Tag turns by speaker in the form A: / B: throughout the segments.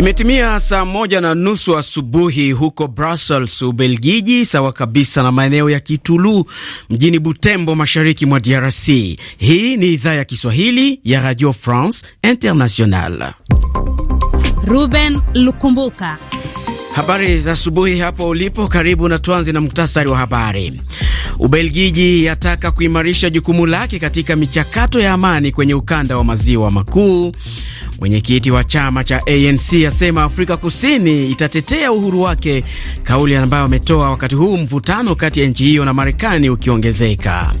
A: Imetimia saa moja na nusu asubuhi huko Brussels, Ubelgiji, sawa kabisa na maeneo ya Kitulu mjini Butembo, mashariki mwa DRC. Hii ni idhaa ya Kiswahili ya Radio France International.
B: Ruben Lukumbuka,
A: habari za asubuhi hapo ulipo. Karibu na tuanze na muktasari wa habari. Ubelgiji yataka kuimarisha jukumu lake katika michakato ya amani kwenye ukanda wa maziwa makuu. Mwenyekiti wa chama cha ANC asema Afrika Kusini itatetea uhuru wake, kauli ambayo ametoa wakati huu mvutano kati ya nchi hiyo na Marekani ukiongezeka.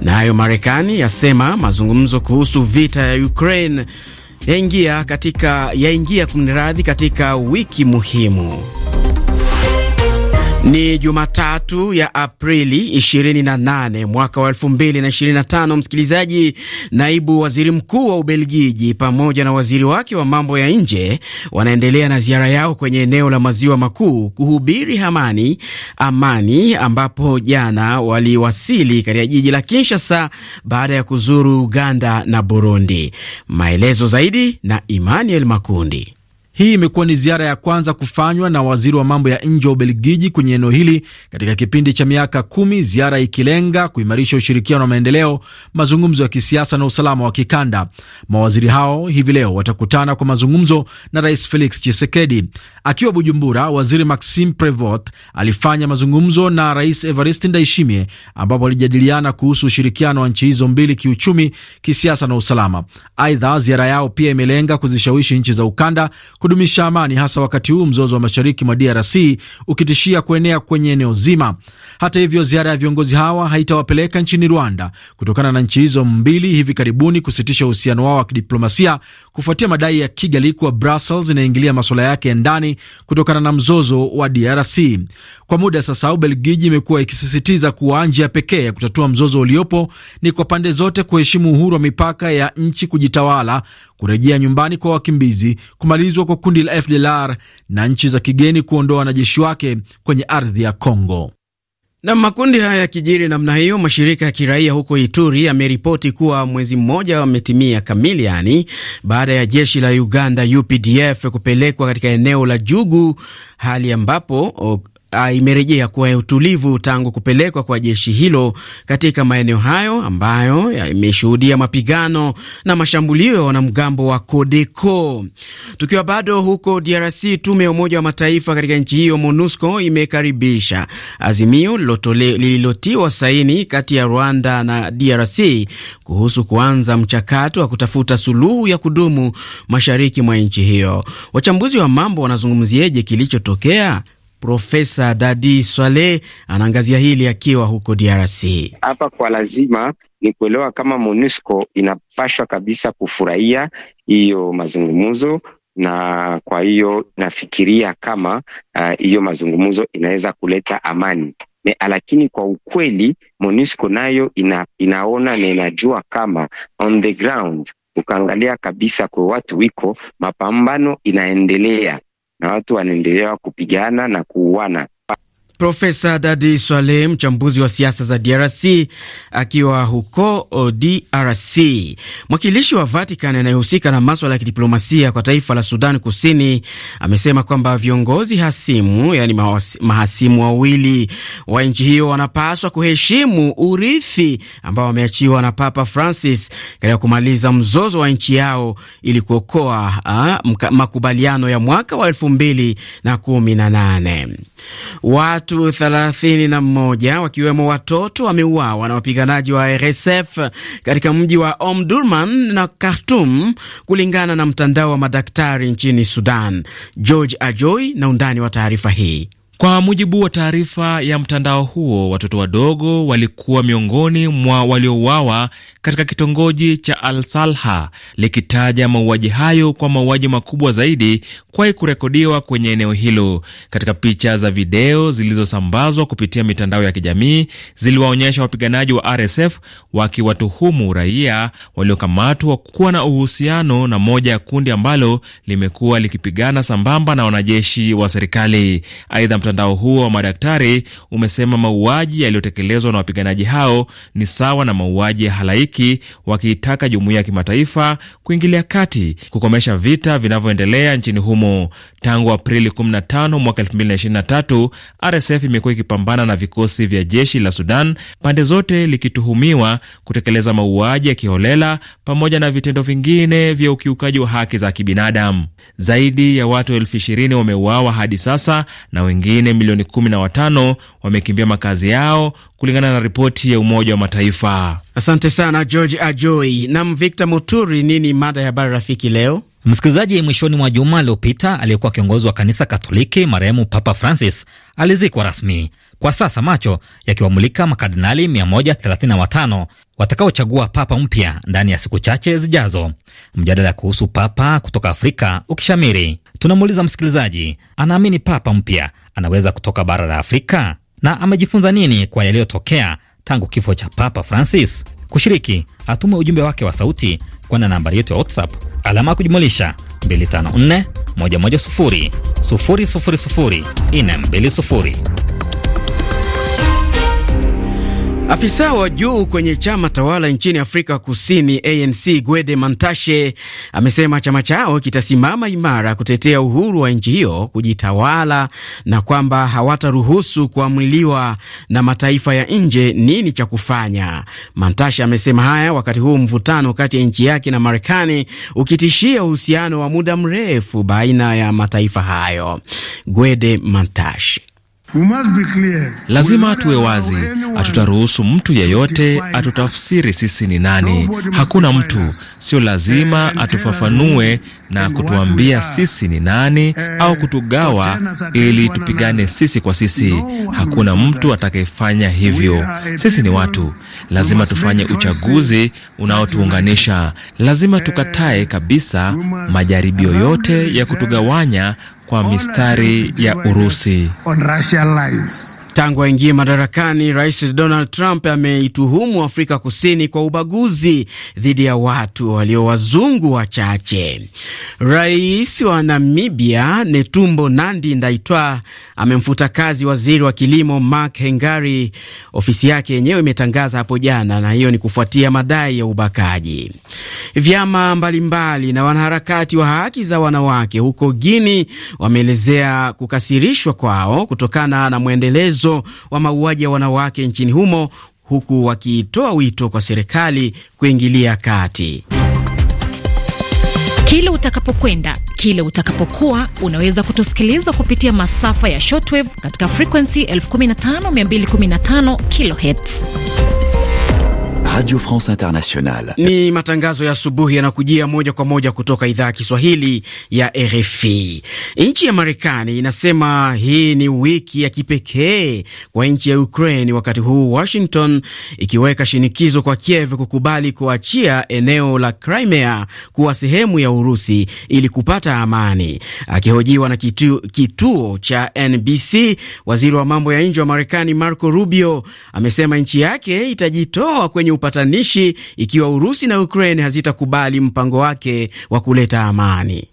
A: Nayo na Marekani yasema mazungumzo kuhusu vita ya Ukraine yaingia katika, yaingia kumradhi, katika wiki muhimu. Ni Jumatatu ya Aprili 28 mwaka wa 2025. Msikilizaji, naibu waziri mkuu wa Ubelgiji pamoja na waziri wake wa mambo ya nje wanaendelea na ziara yao kwenye eneo la maziwa makuu kuhubiri hamani amani ambapo jana waliwasili katika jiji la Kinshasa baada ya kuzuru Uganda na Burundi. Maelezo zaidi na Emmanuel
B: Makundi. Hii imekuwa ni ziara ya kwanza kufanywa na waziri wa mambo ya nje wa Ubelgiji kwenye eneo hili katika kipindi cha miaka kumi, ziara ikilenga kuimarisha ushirikiano wa maendeleo, mazungumzo ya kisiasa na usalama wa kikanda. Mawaziri hao hivi leo watakutana kwa mazungumzo na Rais Felix Tshisekedi. Akiwa Bujumbura, waziri Maxime Prevot alifanya mazungumzo na Rais Evariste Ndayishimiye ambapo alijadiliana kuhusu ushirikiano wa nchi hizo mbili kiuchumi, kisiasa na usalama. Aidha, ziara yao pia imelenga kuzishawishi nchi za ukanda kudumisha amani, hasa wakati huu mzozo wa mashariki mwa DRC ukitishia kuenea kwenye eneo zima. Hata hivyo, ziara ya viongozi hawa haitawapeleka nchini Rwanda kutokana na nchi hizo mbili hivi karibuni kusitisha uhusiano wao wa kidiplomasia kufuatia madai ya Kigali kuwa Brussels inaingilia masuala yake ya ndani kutokana na mzozo wa DRC. Kwa muda sasa, Ubelgiji imekuwa ikisisitiza kuwa njia pekee ya kutatua mzozo uliopo ni kwa pande zote kuheshimu uhuru wa mipaka ya nchi kujitawala, kurejea nyumbani kwa wakimbizi, kumalizwa kwa kundi la FDLR na nchi za kigeni kuondoa wanajeshi wake kwenye ardhi ya congo
A: na makundi haya ya kijiri namna hiyo, mashirika ya kiraia huko Ituri yameripoti kuwa mwezi mmoja wametimia kamili, yani baada ya jeshi la Uganda UPDF kupelekwa katika eneo la Jugu, hali ambapo Ah, imerejea kuwa ya utulivu tangu kupelekwa kwa jeshi hilo katika maeneo hayo ambayo yameshuhudia mapigano na mashambulio ya wanamgambo wa Kodeko. Tukiwa bado huko DRC, tume ya Umoja wa Mataifa katika nchi hiyo MONUSCO imekaribisha azimio lililotiwa saini kati ya Rwanda na DRC kuhusu kuanza mchakato wa kutafuta suluhu ya kudumu mashariki mwa nchi hiyo. Wachambuzi wa mambo wanazungumzieje kilichotokea? Profesa Dadi Swale anaangazia hili akiwa huko DRC. Hapa kwa lazima ni kuelewa kama MONUSCO inapashwa kabisa kufurahia hiyo mazungumzo na kwa hiyo nafikiria kama uh, hiyo uh, mazungumzo inaweza kuleta amani ne, lakini kwa ukweli MONUSCO nayo ina, inaona na inajua kama on the ground ukaangalia kabisa kwa watu wiko mapambano inaendelea na watu wanaendelea kupigana na kuuana Profesa Dadi Swaleh, mchambuzi wa siasa za DRC akiwa huko DRC. Mwakilishi wa Vatican anayehusika na maswala ya kidiplomasia kwa taifa la Sudan Kusini amesema kwamba viongozi hasimu, yani mahasimu wawili wa nchi hiyo, wanapaswa kuheshimu urithi ambao wameachiwa na Papa Francis katika kumaliza mzozo wa nchi yao ili kuokoa ah, makubaliano ya mwaka wa elfu mbili na kumi na nane. Watu 31 wakiwemo watoto wameuawa na wapiganaji wa RSF katika mji wa Omdurman na khartum kulingana na mtandao wa madaktari nchini Sudan. George Ajoi na undani wa taarifa hii. Kwa mujibu wa
C: taarifa ya mtandao huo, watoto wadogo walikuwa miongoni mwa waliouawa katika kitongoji cha Al Salha, likitaja mauaji hayo kwa mauaji makubwa zaidi kwai kurekodiwa kwenye eneo hilo. Katika picha za video zilizosambazwa kupitia mitandao ya kijamii, ziliwaonyesha wapiganaji wa RSF wakiwatuhumu raia waliokamatwa kuwa na uhusiano na moja ya kundi ambalo limekuwa likipigana sambamba na wanajeshi wa serikali. Aidha, Mtandao huo wa madaktari umesema mauaji yaliyotekelezwa na wapiganaji hao ni sawa na mauaji ya halaiki, wakiitaka jumuiya ya kimataifa kuingilia kati kukomesha vita vinavyoendelea nchini humo. Tangu Aprili 15 mwaka 2023, RSF imekuwa ikipambana na vikosi vya jeshi la Sudan, pande zote likituhumiwa kutekeleza mauaji ya kiholela pamoja na vitendo vingine vya ukiukaji wa haki za kibinadamu. Zaidi ya watu elfu wameuawa hadi sasa na wengine wengine milioni 15
A: wamekimbia makazi yao kulingana na ripoti ya Umoja wa Mataifa. Asante sana George Ajoi nam Victor Muturi. Nini mada ya habari rafiki leo? Msikilizaji, mwishoni mwa juma aliyopita aliyekuwa kiongozi wa kanisa Katoliki marehemu Papa Francis alizikwa rasmi, kwa sasa macho yakiwamulika makardinali 135 watakaochagua papa mpya ndani ya siku chache zijazo, mjadala kuhusu papa kutoka Afrika ukishamiri. Tunamuuliza msikilizaji, anaamini papa mpya anaweza kutoka bara la Afrika na amejifunza nini kwa yaliyotokea tangu kifo cha Papa Francis. Kushiriki, atume ujumbe wake wa sauti kwenda nambari yetu ya WhatsApp alama ya kujumulisha 254 110 000 420. Afisa wa juu kwenye chama tawala nchini Afrika Kusini ANC Gwede Mantashe amesema chama chao kitasimama imara kutetea uhuru wa nchi hiyo kujitawala na kwamba hawataruhusu kuamiliwa na mataifa ya nje nini cha kufanya. Mantashe amesema haya wakati huu mvutano kati ya nchi yake na Marekani ukitishia uhusiano wa muda mrefu baina ya mataifa hayo. Gwede Mantashe Lazima tuwe wazi, hatutaruhusu mtu yeyote atutafsiri sisi
C: ni nani. Hakuna mtu, sio lazima atufafanue na kutuambia sisi ni nani au kutugawa ili tupigane sisi kwa sisi. Hakuna mtu atakayefanya hivyo. Sisi ni watu, lazima tufanye uchaguzi unaotuunganisha. Lazima tukatae kabisa majaribio yote ya kutugawanya kwa mistari
A: ya Urusi. Tangu aingie madarakani, Rais Donald Trump ameituhumu Afrika Kusini kwa ubaguzi dhidi ya watu walio wazungu wachache. Rais wa Namibia Netumbo Nandi Ndaitwa amemfuta kazi waziri wa kilimo Mark Hengari, ofisi yake yenyewe imetangaza hapo jana, na hiyo ni kufuatia madai ya ubakaji. Vyama mbalimbali na wanaharakati wa haki za wanawake huko Guini wameelezea kukasirishwa kwao kutokana na mwendelezo wa mauaji ya wanawake nchini humo huku wakitoa wito kwa serikali kuingilia kati.
C: Kile utakapokwenda kile utakapokuwa unaweza kutusikiliza kupitia masafa ya shortwave katika frequency 15215 kilohertz. Radio France
A: Internationale. Ni matangazo ya asubuhi yanakujia moja kwa moja kutoka idhaa ya Kiswahili ya RFI. Nchi ya Marekani inasema hii ni wiki ya kipekee kwa nchi ya Ukraine, wakati huu Washington ikiweka shinikizo kwa Kiev kukubali kuachia eneo la Crimea kuwa sehemu ya Urusi ili kupata amani. Akihojiwa na kituo, kituo cha NBC, waziri wa mambo ya nje wa Marekani Marco Rubio amesema nchi yake itajitoa kwenye upatanishi ikiwa Urusi na Ukraine hazitakubali mpango wake wa kuleta amani.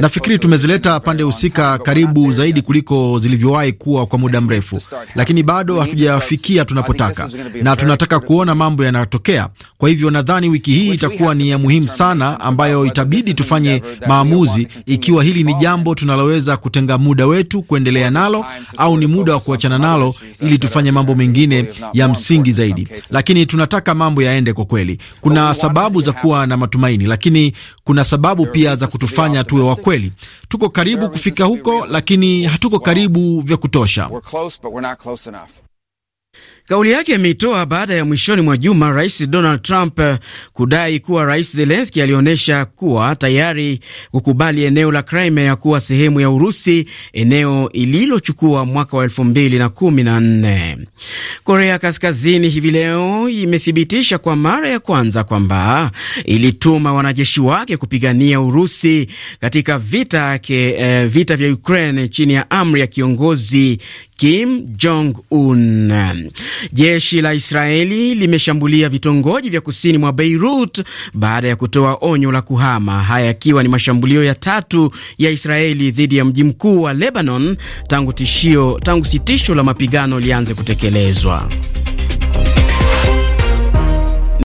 B: Nafikiri tumezileta pande husika karibu zaidi kuliko zilivyowahi kuwa kwa muda mrefu, lakini bado hatujafikia tunapotaka, na tunataka kuona mambo yanatokea. Kwa hivyo nadhani wiki hii itakuwa ni ya muhimu sana, ambayo itabidi tufanye maamuzi ikiwa hili ni jambo tunaloweza kutenga muda wetu kuendelea nalo au ni muda wa kuachana nalo ili tufanye mambo mengine ya msingi zaidi. Lakini tunataka mambo yaende kwa kweli. Kuna sababu za kuwa na matumaini, lakini kuna sababu pia za za kutufanya tuwe wa kweli. Tuko karibu kufika huko, lakini hatuko karibu vya kutosha.
A: Kauli yake ameitoa baada ya mwishoni mwa juma Rais Donald Trump eh, kudai kuwa Rais Zelenski alionyesha kuwa tayari kukubali eneo la Crimea kuwa sehemu ya Urusi, eneo ililochukua mwaka wa elfu mbili na kumi na nne. Korea Kaskazini hivi leo imethibitisha kwa mara ya kwanza kwamba ilituma wanajeshi wake kupigania Urusi katika vita, ke, eh, vita vya Ukraine chini ya amri ya kiongozi Kim Jong Un. Jeshi la Israeli limeshambulia vitongoji vya kusini mwa Beirut baada ya kutoa onyo la kuhama, haya yakiwa ni mashambulio ya tatu ya Israeli dhidi ya mji mkuu wa Lebanon tangu tishio, tangu sitisho la mapigano lianze kutekelezwa.